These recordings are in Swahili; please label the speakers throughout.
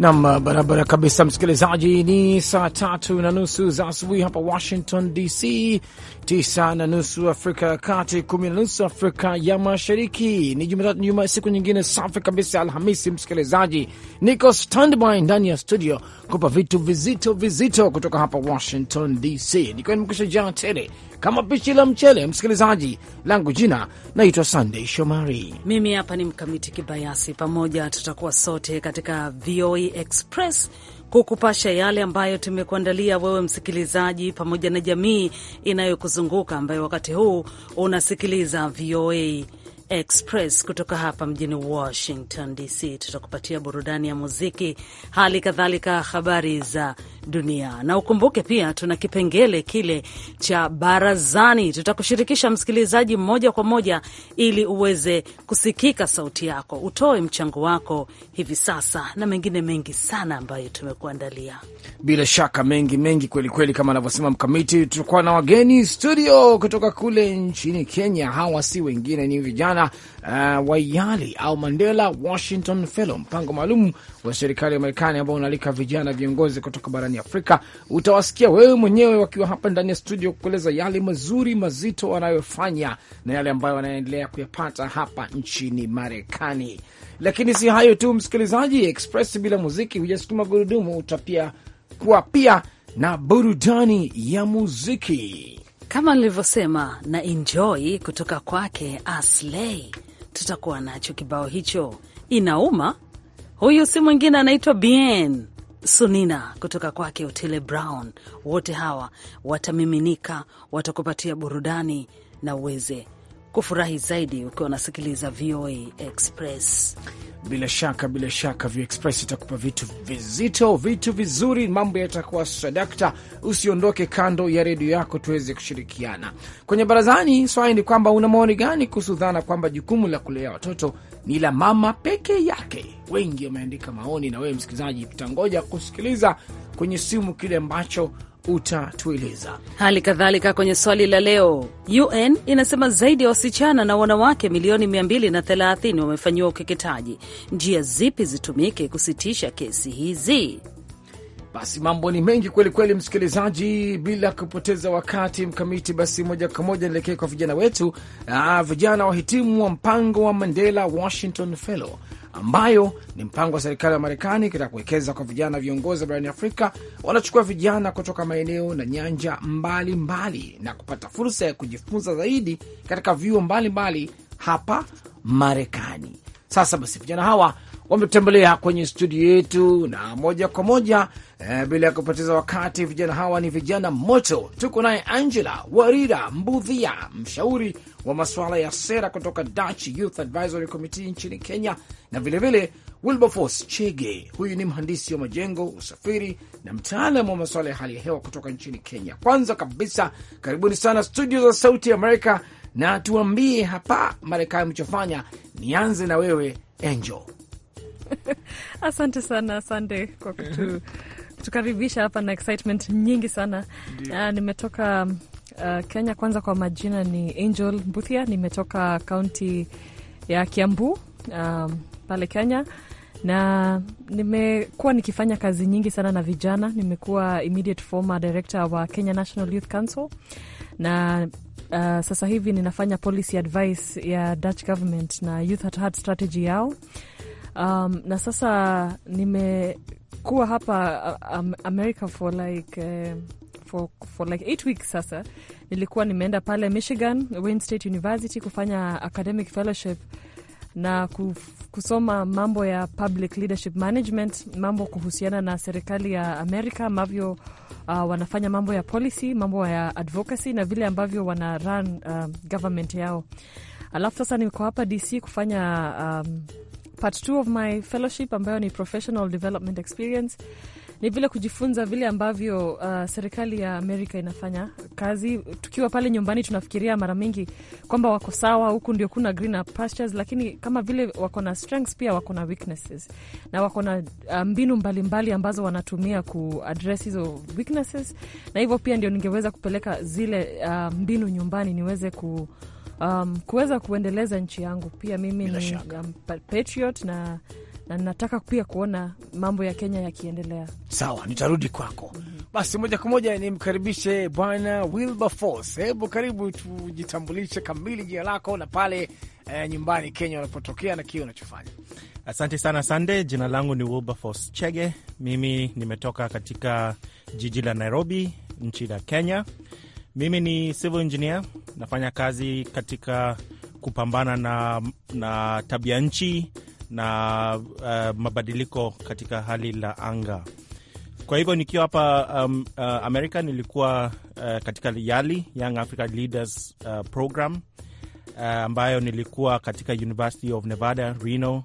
Speaker 1: Nam, uh, barabara kabisa, msikilizaji. Ni saa tatu na nusu za asubuhi hapa Washington DC, tisa na nusu Afrika ya Kati, kumi na nusu Afrika ya Mashariki. Ni Jumatatu nyuma, siku nyingine safi kabisa, Alhamisi. Msikilizaji, niko standby ndani ya studio kupa vitu vizito vizito kutoka hapa Washington DC, nikiwa nimekusha jaa tele kama pishi la mchele. Msikilizaji langu jina naitwa sandey Shomari,
Speaker 2: mimi hapa ni Mkamiti Kibayasi. Pamoja tutakuwa sote katika VOA e Express kukupasha yale ambayo tumekuandalia wewe msikilizaji, pamoja na jamii inayokuzunguka ambayo wakati huu unasikiliza VOA e. Express kutoka hapa mjini Washington DC. Tutakupatia burudani ya muziki, hali kadhalika habari za dunia, na ukumbuke pia tuna kipengele kile cha barazani. Tutakushirikisha msikilizaji moja kwa moja ili uweze kusikika sauti yako, utoe mchango wako hivi sasa, na mengine mengi sana ambayo tumekuandalia.
Speaker 1: Bila shaka mengi mengi kwelikweli kweli, kama anavyosema Mkamiti, tutakuwa na wageni studio kutoka kule nchini Kenya. Hawa si wengine, ni vijana sana uh, Wayali au Mandela Washington Fellow, mpango maalum wa serikali ya Marekani ambao unaalika vijana viongozi kutoka barani Afrika. Utawasikia wewe mwenyewe wakiwa hapa ndani ya studio kueleza yale mazuri mazito wanayofanya na yale ambayo wanaendelea kuyapata hapa nchini Marekani. Lakini si hayo tu, msikilizaji, Express bila muziki hujasukuma gurudumu, utapia kuwa pia na burudani
Speaker 2: ya muziki kama nilivyosema na enjoy kutoka kwake Asley. Tutakuwa nacho kibao hicho inauma. Huyu si mwingine anaitwa Bien Sunina kutoka kwake Otile Brown. Wote hawa watamiminika, watakupatia burudani na uweze kufurahi zaidi ukiwa unasikiliza VOA Express. Bila shaka, bila shaka,
Speaker 1: VOA Express itakupa vitu vizito, vitu vizuri, mambo yatakuwa sadakta. Usiondoke kando ya redio yako, tuweze kushirikiana kwenye barazani. Swali ni kwamba una maoni gani kuhusu dhana kwamba jukumu la kulea watoto ni la mama peke yake? Wengi wameandika maoni, na wewe msikilizaji, tutangoja kusikiliza kwenye simu kile ambacho
Speaker 2: utatueleza hali kadhalika. Kwenye swali la leo, UN inasema zaidi ya wasichana na wanawake milioni 230 wamefanyiwa ukeketaji. Njia zipi zitumike kusitisha kesi hizi? Basi mambo ni mengi kweli kweli, msikilizaji,
Speaker 1: bila kupoteza wakati mkamiti, basi moja kwa moja nielekee kwa vijana wetu. Aa, ah, vijana wahitimu wa mpango wa Mandela Washington Fellow ambayo ni mpango wa serikali ya Marekani katika kuwekeza kwa vijana viongozi barani Afrika. Wanachukua vijana kutoka maeneo na nyanja mbalimbali mbali, na kupata fursa ya kujifunza zaidi katika vyuo mbalimbali hapa Marekani. Sasa basi vijana hawa wametembelea kwenye studio yetu na moja kwa moja eh, bila ya kupoteza wakati. Vijana hawa ni vijana moto. Tuko naye Angela Warira Mbudhia, mshauri wa masuala ya sera kutoka Dutch Youth Advisory Committee nchini Kenya, na vilevile Wilberforce Chege, huyu ni mhandisi wa majengo, usafiri na mtaalamu wa masuala ya hali ya hewa kutoka nchini Kenya. Kwanza kabisa, karibuni sana studio za Sauti Amerika na tuambie hapa Marekani mlichofanya. Nianze na wewe Angel.
Speaker 3: Asante sana, asante kwa kutu, kutukaribisha hapa na excitement nyingi sana uh, nimetoka uh, Kenya. Kwanza kwa majina ni Angel Mbuthia, nimetoka kaunti ya Kiambu ah, pale Kenya na nimekuwa nikifanya kazi nyingi sana na vijana. Nimekuwa immediate former director wa Kenya National Youth Council na uh, sasa hivi ninafanya policy advice ya Dutch government na youth at heart strategy yao Um, na sasa nimekuwa hapa uh, um, America for like uh, for, for like eight weeks sasa. Nilikuwa nimeenda pale Michigan, Wayne State University kufanya academic fellowship na kusoma mambo ya public leadership management, mambo kuhusiana na serikali ya Amerika ambavyo uh, wanafanya mambo ya policy, mambo ya advocacy na vile ambavyo wana run uh, government yao. Alafu sasa niko hapa DC kufanya um, part two of my fellowship ambayo ni professional development experience ni vile kujifunza vile ambavyo uh, serikali ya Amerika inafanya kazi. Tukiwa pale nyumbani, tunafikiria mara mingi kwamba wako sawa, huku ndio kuna greener pastures, lakini kama vile wako na strengths pia wako na weaknesses, na wako na uh, mbinu mbalimbali mbali ambazo wanatumia kuaddress hizo weaknesses, na hivyo pia ndio ningeweza kupeleka zile uh, mbinu nyumbani niweze ku um, kuweza kuendeleza nchi yangu. Pia mimi ni um, patriot na na nataka pia kuona mambo ya Kenya yakiendelea.
Speaker 1: Sawa, nitarudi kwako. mm -hmm. Basi moja kwa moja nimkaribishe Bwana Wilberforce. Hebu karibu, tujitambulishe kamili jina lako na pale eh, nyumbani Kenya unapotokea na kile unachofanya.
Speaker 4: Asante sana Sande. Jina langu ni Wilberforce Chege. Mimi nimetoka katika jiji la Nairobi, nchi la Kenya. Mimi ni civil engineer, nafanya kazi katika kupambana na, na tabia nchi na uh, mabadiliko katika hali la anga. Kwa hivyo nikiwa hapa um, uh, Amerika nilikuwa uh, katika YALI, Young Africa Leaders uh, Program uh, ambayo nilikuwa katika University of Nevada Reno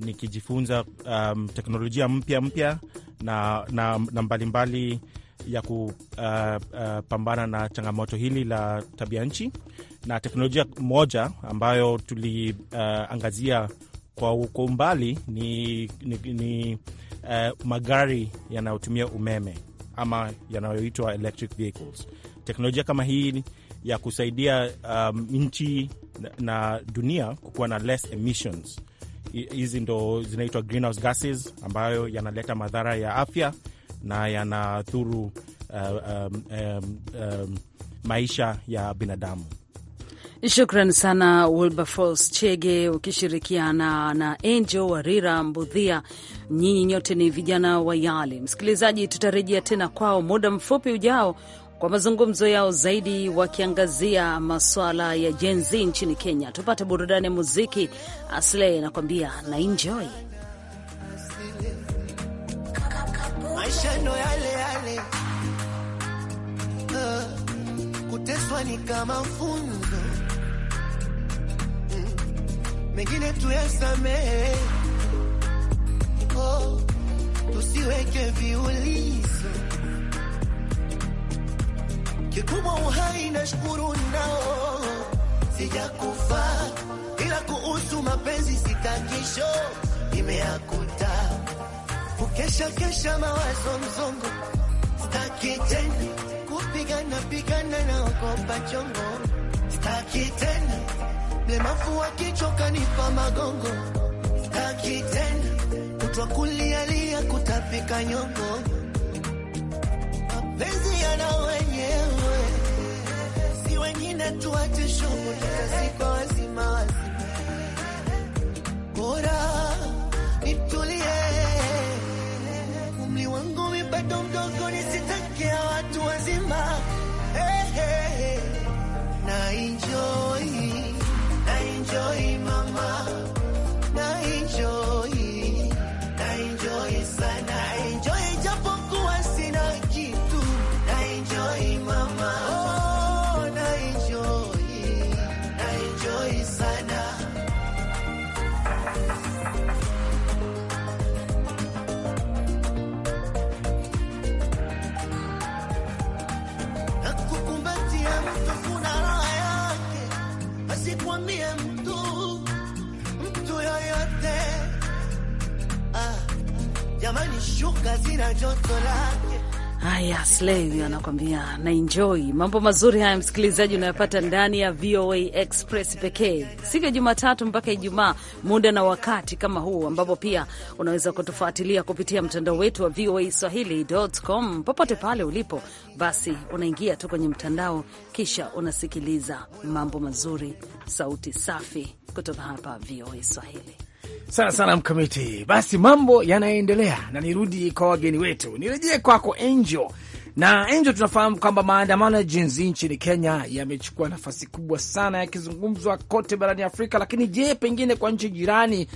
Speaker 4: nikijifunza um, teknolojia mpya mpya na, na, na mbalimbali mbali ya kupambana uh, uh, na changamoto hili la tabia nchi, na teknolojia moja ambayo tuliangazia uh, kwa, uko umbali ni, ni, ni uh, magari yanayotumia umeme ama yanayoitwa electric vehicles. Teknolojia kama hii ya kusaidia um, nchi na dunia kukuwa na less emissions hizi ndo zinaitwa greenhouse gases ambayo yanaleta madhara ya afya na yanadhuru uh, um, um, um, maisha ya binadamu.
Speaker 2: Shukran sana Wilberforce Chege ukishirikiana na Angel Warira Mbudhia. Nyinyi nyote ni vijana wa Yali. Msikilizaji, tutarejea tena kwao muda mfupi ujao kwa mazungumzo yao zaidi wakiangazia maswala ya Gen Z nchini Kenya. Tupate burudani ya muziki. asle anakuambia na enjoy.
Speaker 5: maisha ndo yale yale, uh, kuteswa ni kama funzo mm, mengine tuyasamehe, oh, tusiweke viulizo kikubwa uhai na shukuru nao, sijakufa ila kuhusu mapenzi sitakisho imeakuta kukesha kesha mawazo mzongo, staki tena kupigana pigana na ogopa chongo, staki tena mlemafu wakichoka nipa magongo, staki tena kutwa kulialia kutapika nyongo, mapenzi yana wenyewe, si wengine tuache shughuli, tutasika wazima wazima bora
Speaker 2: Haya, Slay huyo anakwambia na enjoy mambo mazuri haya, msikilizaji, unayopata ndani ya VOA Express pekee, siku ya Jumatatu mpaka Ijumaa, muda na wakati kama huu, ambapo pia unaweza kutufuatilia kupitia mtandao wetu wa VOA Swahili.com. Popote pale ulipo, basi unaingia tu kwenye mtandao, kisha unasikiliza mambo mazuri, sauti safi kutoka hapa VOA Swahili
Speaker 1: sana sana Mkamiti. Basi mambo yanaendelea, na nirudi kwa wageni wetu, nirejee kwako Angel na Angel, tunafahamu kwamba maandamano ya jinsi nchini Kenya yamechukua nafasi kubwa sana yakizungumzwa kote barani Afrika, lakini je, pengine kwa nchi jirani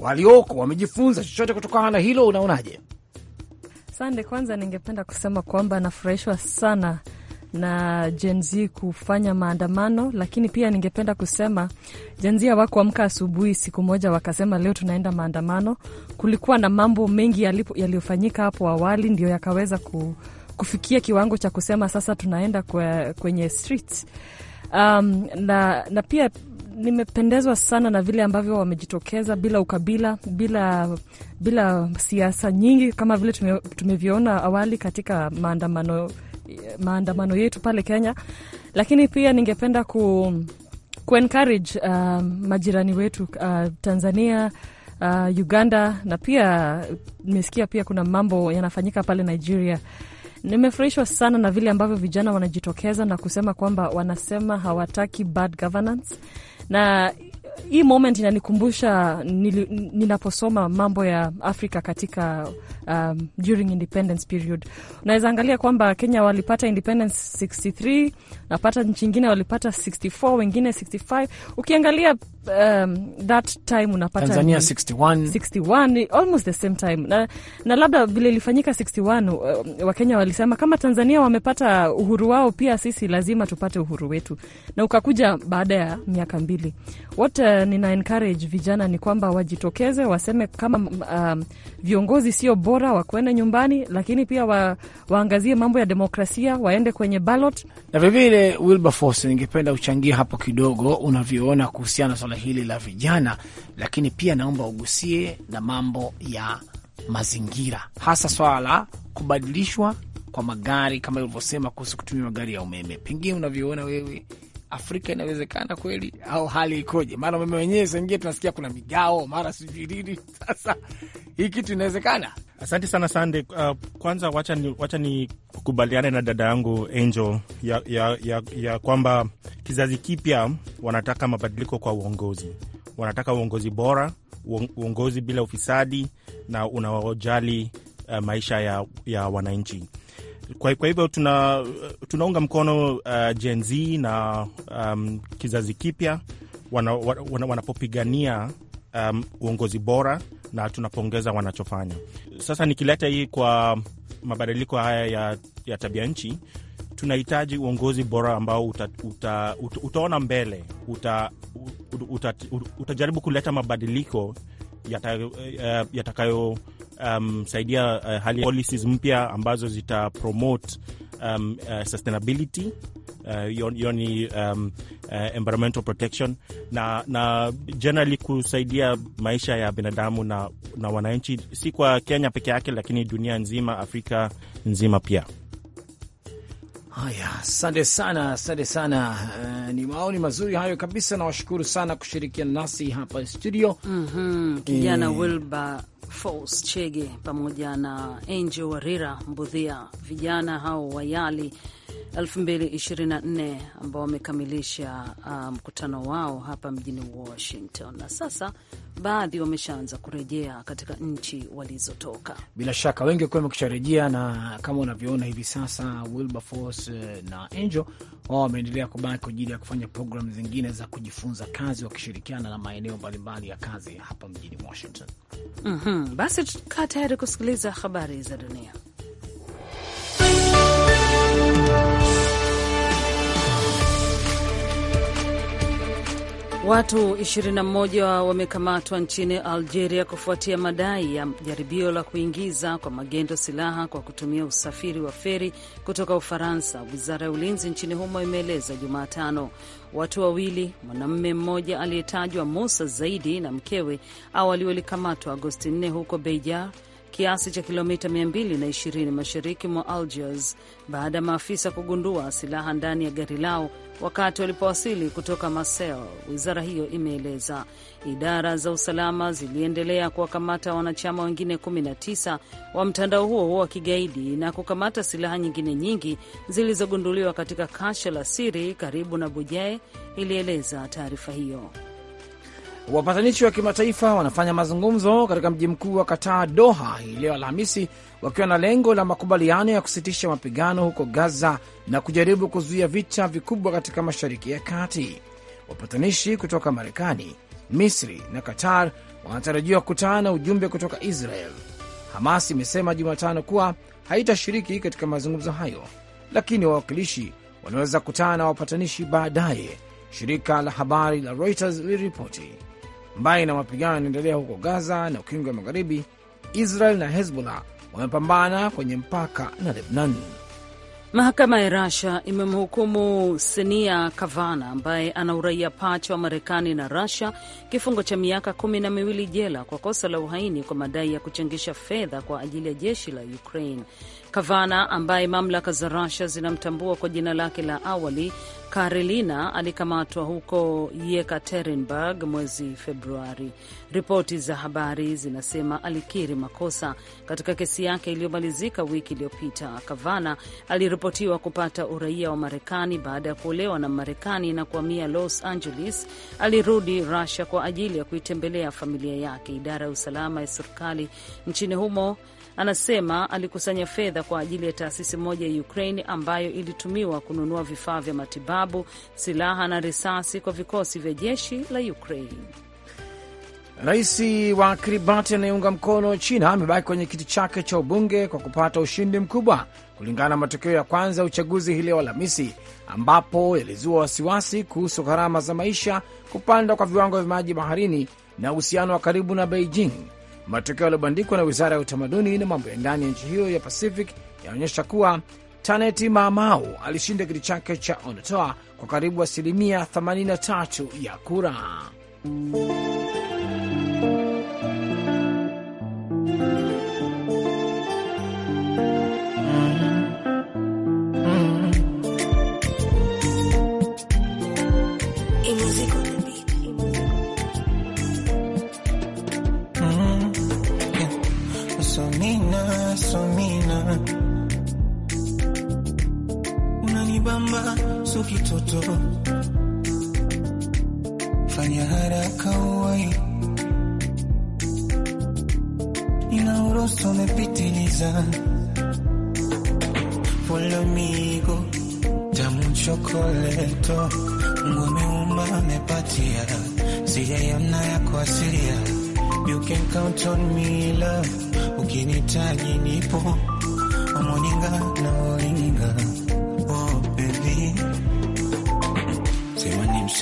Speaker 1: walioko wamejifunza chochote kutokana na hilo? Unaonaje?
Speaker 3: Sande, kwanza ningependa kusema kwamba nafurahishwa sana na Gen Z kufanya maandamano, lakini pia ningependa kusema Gen Z hawakuamka asubuhi siku moja wakasema leo tunaenda maandamano. Kulikuwa na mambo mengi yaliyofanyika hapo awali ndio yakaweza ku, kufikia kiwango cha kusema sasa tunaenda kwe, kwenye st Um, na, na pia nimependezwa sana na vile ambavyo wamejitokeza bila ukabila, bila, bila siasa nyingi kama vile tumevyoona awali katika maandamano maandamano yetu pale Kenya, lakini pia ningependa ku, ku uh, majirani wetu uh, Tanzania uh, Uganda na pia nimesikia pia kuna mambo yanafanyika pale Nigeria. Nimefurahishwa sana na vile ambavyo vijana wanajitokeza na kusema kwamba wanasema hawataki bad governance na hii moment inanikumbusha ninaposoma mambo ya Afrika katika um, during independence period, unaweza angalia kwamba Kenya walipata independence 63, napata nchi ingine walipata 64, wengine 65. Ukiangalia um, that time unapata Tanzania
Speaker 1: 61,
Speaker 3: 61 almost the same time na, na labda vile ilifanyika 61, uh, Wakenya walisema kama Tanzania wamepata uhuru wao, pia sisi lazima tupate uhuru wetu, na ukakuja baada ya miaka mbili wote uh, nina encourage vijana ni kwamba wajitokeze, waseme kama um, viongozi sio bora, wakwende nyumbani, lakini pia wa, waangazie mambo ya demokrasia, waende kwenye ballot. Na
Speaker 1: vilevile, Wilberforce, ningependa uchangia hapo kidogo unavyoona kuhusiana na swala hili la vijana, lakini pia naomba ugusie na mambo ya mazingira, hasa swala la kubadilishwa kwa magari kama ilivyosema kuhusu kutumia magari ya umeme, pengine unavyoona wewe Afrika inawezekana kweli au hali ikoje? Maana umeme wenyewe sangie tunasikia kuna migao mara sijui nini. Sasa hii kitu inawezekana?
Speaker 4: Asante sana Sande. Uh, kwanza wacha ni, wacha ni kukubaliana na dada yangu Angel ya, ya, ya, ya kwamba kizazi kipya wanataka mabadiliko kwa uongozi, wanataka uongozi bora, uongozi bila ufisadi na unaojali uh, maisha ya, ya wananchi kwa, kwa hivyo tuna, tunaunga mkono uh, Gen Z na um, kizazi kipya wanapopigania wana, wanapopigania um, uongozi bora na tunapongeza wanachofanya. Sasa nikileta hii kwa mabadiliko haya ya, ya tabia nchi, tunahitaji uongozi bora ambao uta, uta, uta, utaona mbele uta, uta, uta, utajaribu kuleta mabadiliko uh, yatakayo yata msaidia um, uh, policies mpya ambazo zita promote um, uh, sustainability uh, yoni um, uh, environmental protection na, na generally kusaidia maisha ya binadamu na, na wananchi, si kwa Kenya
Speaker 1: peke yake, lakini dunia nzima, Afrika nzima pia. Haya, asante sana, asante sana. Uh, ni maoni mazuri hayo kabisa. Nawashukuru sana
Speaker 2: kushirikiana nasi
Speaker 1: hapa studio.
Speaker 2: mm -hmm, kijana e... Eh. Wilba Falls Chege pamoja na Angel Warira Mbudhia, vijana hao wa YALI 2024 ambao wamekamilisha uh, mkutano um, wao hapa mjini Washington, na sasa baadhi wameshaanza kurejea katika nchi walizotoka.
Speaker 1: Bila shaka wengi wakiwa wamekusharejea, na kama unavyoona hivi sasa Wilberforce uh, na Angel wao wameendelea kubaki kwa ajili ya kufanya programu zingine za kujifunza kazi wakishirikiana na maeneo mbalimbali ya kazi hapa mjini Washington.
Speaker 2: mm -hmm. Hmm, basi kaa tayari kusikiliza habari za dunia. Watu 21 wamekamatwa nchini Algeria kufuatia madai ya jaribio la kuingiza kwa magendo silaha kwa kutumia usafiri wa feri kutoka Ufaransa, wizara ya ulinzi nchini humo imeeleza Jumatano. Watu wawili, mwanamume mmoja aliyetajwa Musa Zaidi na mkewe, awali walikamatwa Agosti 4 huko beija kiasi cha kilomita 220 mashariki mwa Algiers baada ya maafisa kugundua silaha ndani ya gari lao wakati walipowasili kutoka Marseille, wizara hiyo imeeleza. Idara za usalama ziliendelea kuwakamata wanachama wengine 19 wa mtandao huo huo wa kigaidi na kukamata silaha nyingine nyingi zilizogunduliwa katika kasha la siri karibu na Bujae, ilieleza taarifa hiyo.
Speaker 1: Wapatanishi wa kimataifa wanafanya mazungumzo katika mji mkuu wa Kataa, Doha, hii leo Alhamisi, wakiwa na lengo la makubaliano ya kusitisha mapigano huko Gaza na kujaribu kuzuia vita vikubwa katika Mashariki ya Kati. Wapatanishi kutoka Marekani, Misri na Qatar wanatarajiwa kukutana na ujumbe kutoka Israel. Hamas imesema Jumatano kuwa haitashiriki katika mazungumzo hayo, lakini wawakilishi wanaweza kukutana na wapatanishi baadaye, shirika la habari la Reuters liliripoti mbali na mapigano yanaendelea huko Gaza na ukingo wa Magharibi, Israel na Hezbollah wamepambana kwenye mpaka na Lebnan.
Speaker 2: Mahakama ya Rasia imemhukumu Senia Kavana ambaye ana uraia pacha wa Marekani na Rasia kifungo cha miaka kumi na miwili jela kwa kosa la uhaini kwa madai ya kuchangisha fedha kwa ajili ya jeshi la Ukraine. Kavana ambaye mamlaka za rusia zinamtambua kwa jina lake la awali Karelina alikamatwa huko Yekaterinburg mwezi Februari. Ripoti za habari zinasema alikiri makosa katika kesi yake iliyomalizika wiki iliyopita. Kavana aliripotiwa kupata uraia wa Marekani baada ya kuolewa na Marekani na kuhamia Los Angeles. Alirudi Russia kwa ajili ya kuitembelea familia yake. Idara ya usalama ya serikali nchini humo anasema alikusanya fedha kwa ajili ya taasisi moja ya Ukraine ambayo ilitumiwa kununua vifaa vya matibabu, silaha na risasi kwa vikosi vya jeshi la Ukraine.
Speaker 1: Rais wa Kiribati anayeunga mkono China amebaki kwenye kiti chake cha ubunge kwa kupata ushindi mkubwa kulingana na matokeo ya kwanza ya uchaguzi hii leo Alhamisi, ambapo yalizua wasiwasi kuhusu gharama za maisha, kupanda kwa viwango vya maji baharini na uhusiano wa karibu na Beijing Matokeo yaliyobandikwa na wizara ya utamaduni na mambo ya ndani ya nchi hiyo ya Pacific yanaonyesha kuwa Taneti Maamau alishinda kiti chake cha Onotoa kwa karibu asilimia 83 ya kura.
Speaker 6: mtoto, fanya haraka uwai, nina uroso umepitiliza. migo tamu chokoleto ngome uma mepatia sijayamna ya kuasilia. You can count on me love, ukinitaji nipo omoninga na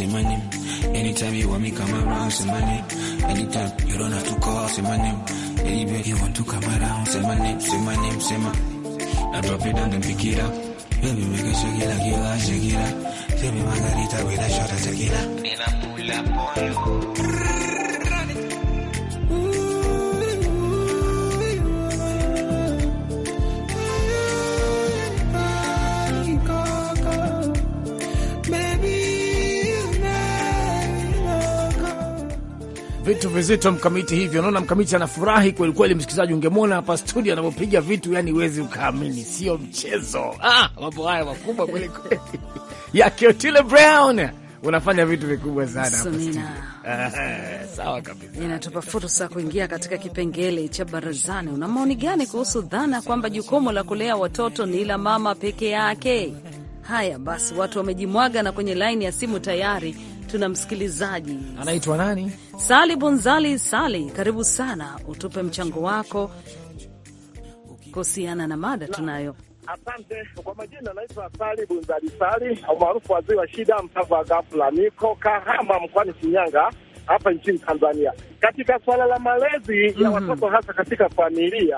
Speaker 6: my name. Anytime you want me, come around, say my name. Anytime you don't have to call, say my name. Anywhere you want to come around, say my name, say my name, say my I drop it down, then pick it up. Baby, make it shake it like you like, shake it up. Tell margarita with a shot of tequila. Then I pull up on you.
Speaker 1: vitu vizito mkamiti hivyo. Naona mkamiti anafurahi kweli kweli, msikilizaji, ungemwona hapa studio anapopiga vitu, yani huwezi ukaamini, sio mchezo.
Speaker 2: Ah, mambo haya makubwa kweli kweli
Speaker 1: ya Otile Brown unafanya vitu vikubwa sana
Speaker 2: hapa Sawa kabisa, inatupa fursa kuingia katika kipengele cha barazani. Una maoni gani kuhusu dhana kwamba jukumu la kulea watoto ni la mama peke yake? Haya basi, watu wamejimwaga na kwenye laini ya simu tayari tuna msikilizaji anaitwa nani? Sali Bunzali Sali, karibu sana, utupe mchango wako kuhusiana na mada tunayo.
Speaker 7: Asante kwa majina, naitwa Sali Bunzali Sali umaarufu wazii wa shida, mtava gafla niko Kahama mkoani Shinyanga hapa nchini Tanzania. Katika suala la malezi mm -hmm. ya mhm. watoto hasa katika familia,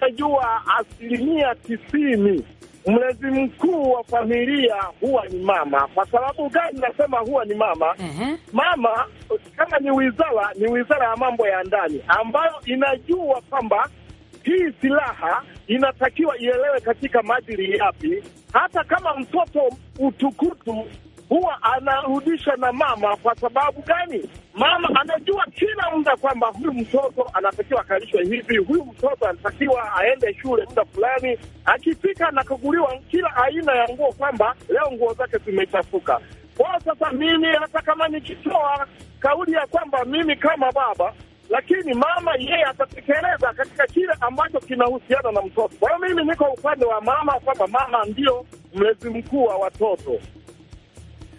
Speaker 7: najua asilimia tisini mlezi mkuu wa familia huwa ni mama. Kwa sababu gani nasema huwa ni mama? Uh-huh. Mama kama ni wizara, ni wizara ya mambo ya ndani ambayo inajua kwamba hii silaha inatakiwa ielewe katika maadili yapi, hata kama mtoto utukutu huwa anarudisha na mama. Kwa sababu gani? Mama anajua kila muda kwamba huyu mtoto anatakiwa akalishwe hivi, huyu mtoto anatakiwa aende shule muda fulani, akifika anakaguliwa kila aina ya nguo kwamba leo nguo zake zimechafuka. Kwa sasa mimi hata kama nikitoa kauli ya kwamba mimi kama baba lakini mama yeye atatekeleza katika kile ambacho kinahusiana na mtoto. Kwa hiyo mimi niko upande wa mama, kwamba mama ndio mlezi mkuu wa watoto.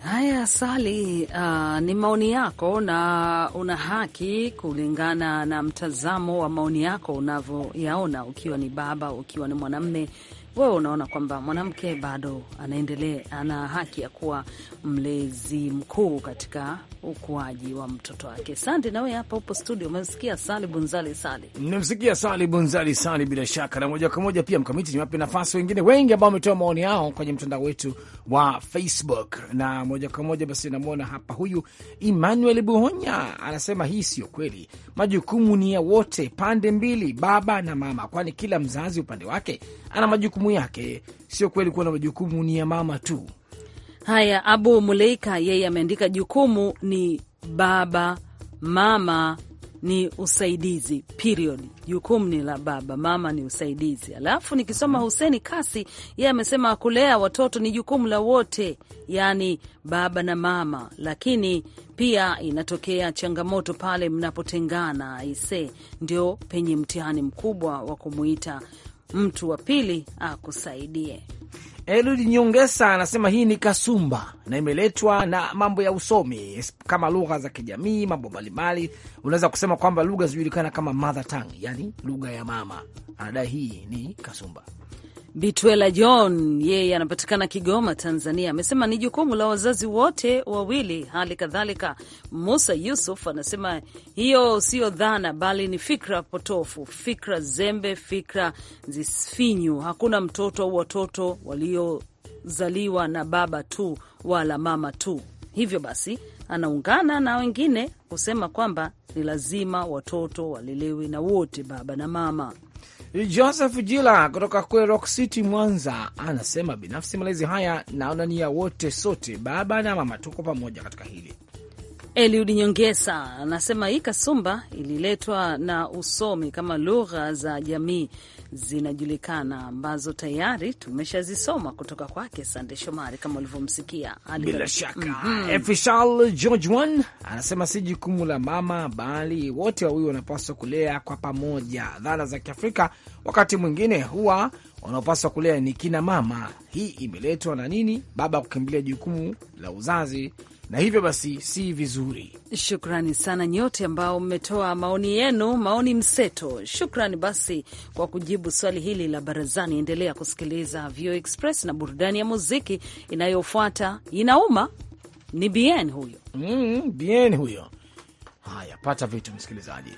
Speaker 2: Haya, Sali, uh, ni maoni yako na una haki kulingana na mtazamo wa maoni yako unavyoyaona, ukiwa ni baba, ukiwa ni mwanamme wewe unaona kwamba mwanamke bado anaendelea, ana haki ya kuwa mlezi mkuu katika ukuaji wa mtoto wake. Sandi, nawe hapa upo studio, umemsikia Sali Bunzali Sali,
Speaker 1: nimemsikia Sali Bunzali Sali, bila shaka na moja kwa moja pia mkamiti, niwape nafasi wengine wengi ambao wametoa maoni yao kwenye mtandao wetu wa Facebook, na moja kwa moja basi namwona hapa huyu Emmanuel Buhonya anasema hii sio kweli, majukumu ni ya wote, pande mbili, baba na mama, kwani kila mzazi upande wake ana majukumu yake. Sio kweli kuwa na majukumu ni ya mama tu.
Speaker 2: Haya, Abu Muleika yeye ameandika jukumu ni baba, mama ni usaidizi period. Jukumu ni la baba, mama ni usaidizi. Alafu nikisoma Huseni Kasi, yeye amesema kulea watoto ni jukumu la wote, yaani baba na mama, lakini pia inatokea changamoto pale mnapotengana. Ise ndio penye mtihani mkubwa wa kumuita mtu wa pili akusaidie. Elud Nyongesa
Speaker 1: anasema hii ni kasumba na imeletwa na mambo ya usomi kama lugha za kijamii, mambo mbalimbali. Unaweza kusema kwamba lugha zinajulikana kama mother tongue, yani lugha ya mama.
Speaker 2: Anadai hii ni kasumba. Bitwela John yeye anapatikana Kigoma, Tanzania, amesema ni jukumu la wazazi wote wawili. Hali kadhalika Musa Yusuf anasema hiyo siyo dhana, bali ni fikra potofu, fikra zembe, fikra zisfinyu Hakuna mtoto au watoto waliozaliwa na baba tu wala mama tu. Hivyo basi anaungana na wengine kusema kwamba ni lazima watoto walelewe na wote, baba na mama.
Speaker 1: Joseph Jila kutoka kule Rock City, Mwanza, anasema binafsi malezi haya naona ni ya wote sote, baba na mama, tuko pamoja katika hili.
Speaker 2: Eliud Nyongesa anasema hii kasumba ililetwa na usomi kama lugha za jamii zinajulikana ambazo tayari tumeshazisoma kutoka kwake Sande Shomari kama ulivyomsikia. Bila shaka mm -hmm.
Speaker 1: Efishal George One anasema si jukumu la mama, bali wote wawili wanapaswa kulea kwa pamoja. Dhana za Kiafrika wakati mwingine huwa wanaopaswa kulea ni kina mama. Hii imeletwa na nini? Baba kukimbilia jukumu la uzazi na hivyo basi si vizuri.
Speaker 2: Shukrani sana nyote ambao mmetoa maoni yenu, maoni mseto. Shukrani basi kwa kujibu swali hili la barazani. Endelea kusikiliza VOA Express na burudani ya muziki inayofuata. Inauma ni bien huyo, mm, bien huyo. Haya, pata vitu msikilizaji.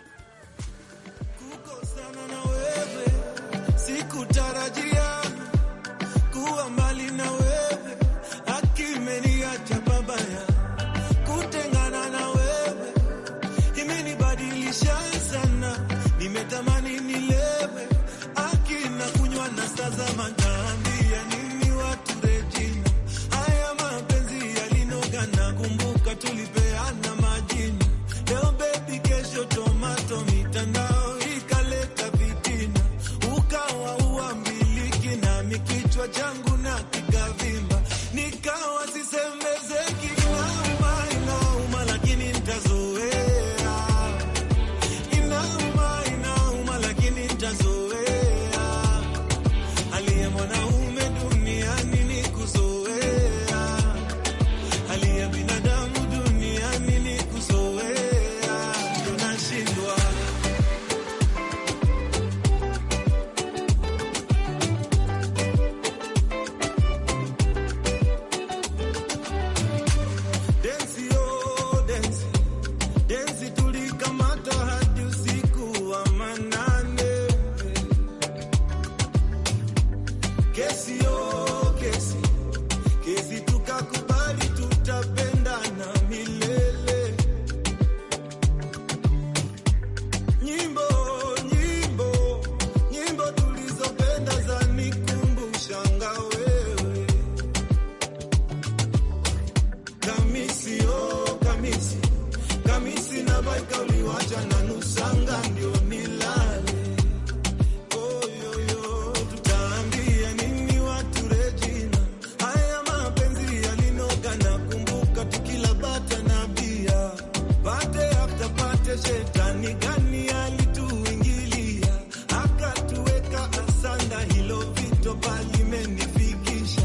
Speaker 6: kutopa imenifikisha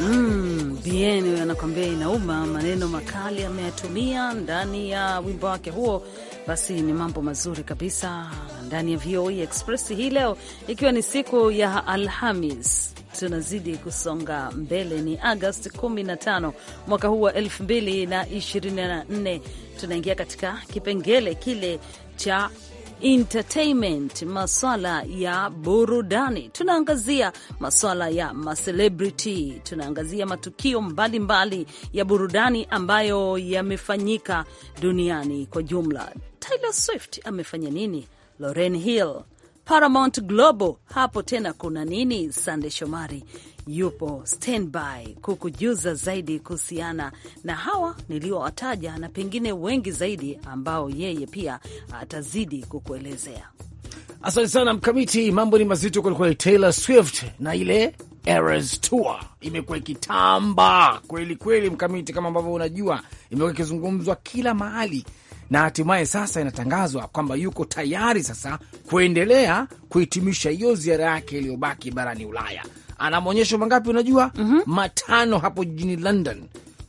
Speaker 2: hmm, anakwambia inauma, maneno makali ameyatumia ndani ya wimbo wake huo. Basi ni mambo mazuri kabisa ndani ya VOA e Express hii leo, ikiwa ni siku ya Alhamis. Tunazidi kusonga mbele, ni Agosti 15 mwaka huu wa 2024. Tunaingia katika kipengele kile cha entertainment, maswala ya burudani. Tunaangazia maswala ya macelebrity, tunaangazia matukio mbalimbali mbali ya burudani ambayo yamefanyika duniani kwa jumla. Taylor Swift amefanya nini? Loren Hill, Paramount Global. Hapo tena kuna nini? Sande Shomari yupo standby kukujuza zaidi kuhusiana na hawa niliowataja na pengine wengi zaidi ambao yeye pia atazidi kukuelezea.
Speaker 1: Asante sana Mkamiti, mambo ni mazito kwelikweli. Taylor Swift na ile Eras Tour imekuwa ikitamba kweli kweli, Mkamiti, kama ambavyo unajua, imekuwa ikizungumzwa kila mahali na hatimaye sasa inatangazwa kwamba yuko tayari sasa kuendelea kuhitimisha hiyo ziara yake iliyobaki barani Ulaya. Ana maonyesho mangapi unajua? mm -hmm. Matano hapo jijini London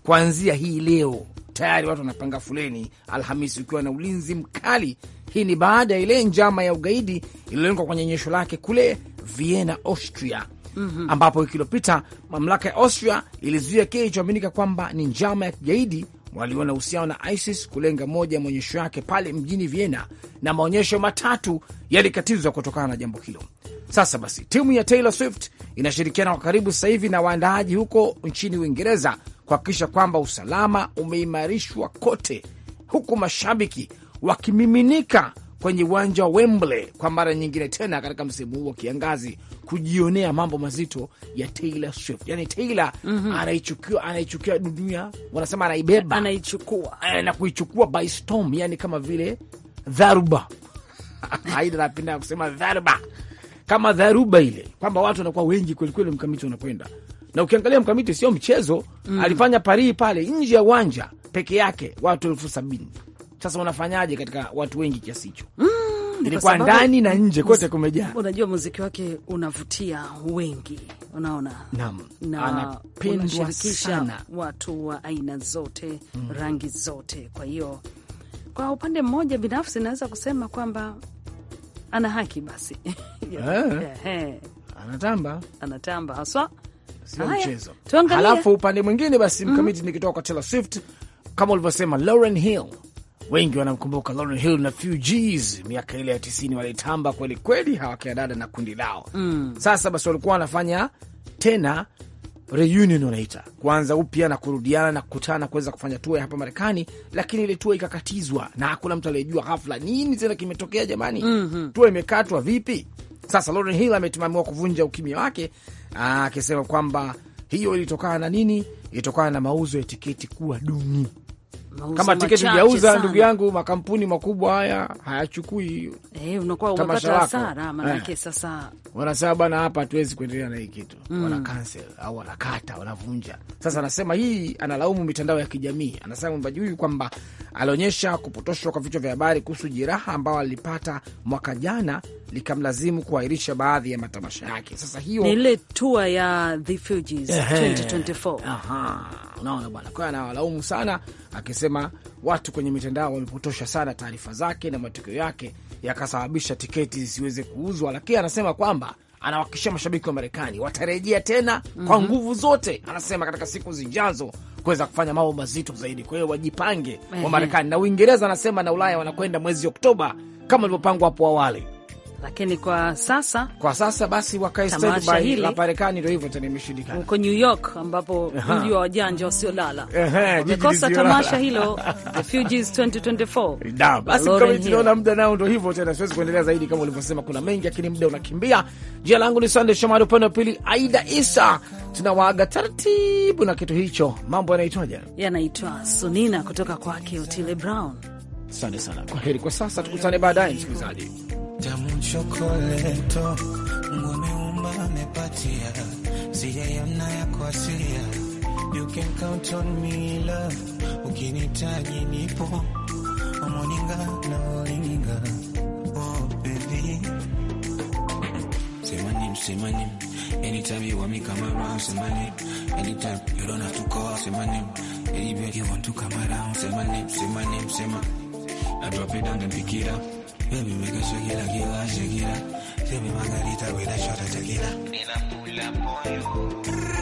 Speaker 1: kuanzia hii leo. Tayari watu wanapanga fuleni Alhamisi ukiwa na ulinzi mkali. Hii ni baada ya ile njama ya ugaidi iliyolengwa kwenye onyesho lake kule Vienna, Austria. Mm -hmm. ambapo wiki iliyopita mamlaka ya Austria ilizuia kile ilichoaminika kwamba ni njama ya kigaidi waliona uhusiano na ISIS kulenga moja ya maonyesho yake pale mjini Vienna, na maonyesho matatu yalikatizwa kutokana na jambo hilo. Sasa basi, timu ya Taylor Swift inashirikiana kwa karibu sasa hivi na waandaaji huko nchini Uingereza kuhakikisha kwamba usalama umeimarishwa kote, huku mashabiki wakimiminika kwenye uwanja wa Wembley kwa mara nyingine tena katika msimu huu wa kiangazi kujionea mambo mazito ya Taylor Swift. Yani Taylor mm -hmm. anaichukia anaichukia dunia, wanasema anaibeba, anaichukua eh, na kuichukua by storm, yani kama vile dharuba Aida napenda kusema dharuba kama dharuba ile, kwamba watu wanakuwa wengi kwelikweli, mkamiti wanakwenda na ukiangalia mkamiti sio mchezo mm. Alifanya parii pale nje ya uwanja peke yake watu elfu sabini sasa unafanyaje katika watu wengi kiasi hicho? mm, ilikuwa ndani na nje kote kumejaa.
Speaker 2: Unajua muziki wake unavutia wengi, unaona nam na anapendwa sana watu wa aina zote mm, rangi zote. Kwa hiyo kwa upande mmoja binafsi naweza kusema kwamba ana haki basi. yeah. Yeah. Anatamba, anatamba haswa, sio mchezo. Halafu upande mwingine basi mm. mkamiti mm, nikitoka kwa Taylor
Speaker 1: Swift kama ulivyosema Lauren Hill wengi wanamkumbuka Lauryn Hill na Fugees, miaka ile ya tisini walitamba kweli kweli, hawakina dada na kundi lao mm. Sasa basi walikuwa wanafanya tena reunion wanaita kuanza upya na kurudiana na kukutana kuweza kufanya tua hapa Marekani, lakini ile tua ikakatizwa na hakuna mtu aliyejua ghafla nini tena kimetokea jamani. mm -hmm. Tua imekatwa vipi? Sasa Lauryn Hill ametimamiwa kuvunja ukimya wake akisema kwamba hiyo ilitokana na nini? Ilitokana na mauzo ya tiketi kuwa duni kama tiketi ujauza, ndugu yangu, makampuni makubwa haya hayachukui eh, unakuwa umepata hasara eh. Sasa wanasema bana, hapa hatuwezi kuendelea na hii kitu mm. wana cancel au wanakata, wanavunja. Sasa anasema hii, analaumu mitandao ya kijamii, anasema mwimbaji huyu kwamba alionyesha kupotoshwa kwa vichwa vya habari kuhusu jeraha ambao alipata mwaka jana likamlazimu kuahirisha baadhi ya matamasha yake. Sasa hiyo ni ile
Speaker 2: tour ya The Fugees 2024. Aha. Unaona bwana, kwa anawalaumu
Speaker 1: sana akisema watu kwenye mitandao wamepotosha sana taarifa zake na matokeo yake yakasababisha tiketi zisiweze kuuzwa, lakini anasema kwamba anawahakikishia mashabiki wa Marekani watarejea tena mm -hmm. kwa mhm. nguvu zote, anasema katika siku zijazo kuweza kufanya mambo mazito zaidi. Kwa hiyo wajipange wa mhm. Marekani na Uingereza, anasema na Ulaya wanakwenda mwezi Oktoba
Speaker 2: kama ilivyopangwa hapo awali lakini kwa sasa kwa sasa basi wakae standby la Marekani. Ndio hivyo tena, imeshindikana huko New York ambapo mji wa wajanja wasiolala
Speaker 1: wamekosa tamasha hilo
Speaker 2: The Fugees 2024. Basi kama tunaona
Speaker 1: muda nao ndio hivyo tena, siwezi kuendelea zaidi kama ulivyosema, kuna mengi lakini muda unakimbia. Jina langu ni Sande Shomari, upande wa pili Aida Isa. Tunawaaga taratibu na kitu hicho, mambo yanaitwaje?
Speaker 2: Yanaitwa Sunina kutoka kwake Otile Brown. Asante sana, kwa heri kwa sasa, tukutane baadaye
Speaker 1: msikilizaji tamu mchokoleto Mungu
Speaker 6: ameumba amepatia, sijaiona yako asilia. You can count on me love, ukinitaji nipo Omoninga na olinga oh baby Semanim, semanim Anytime you want me come around, say my name Anytime you don't have to call, say my name Anywhere you want to come around, say my name, say my name, say my I drop it down and pick it up Let me make a shakira, shakira, shakira. Give me margarita with a shot of tequila. Ni la pula pollo.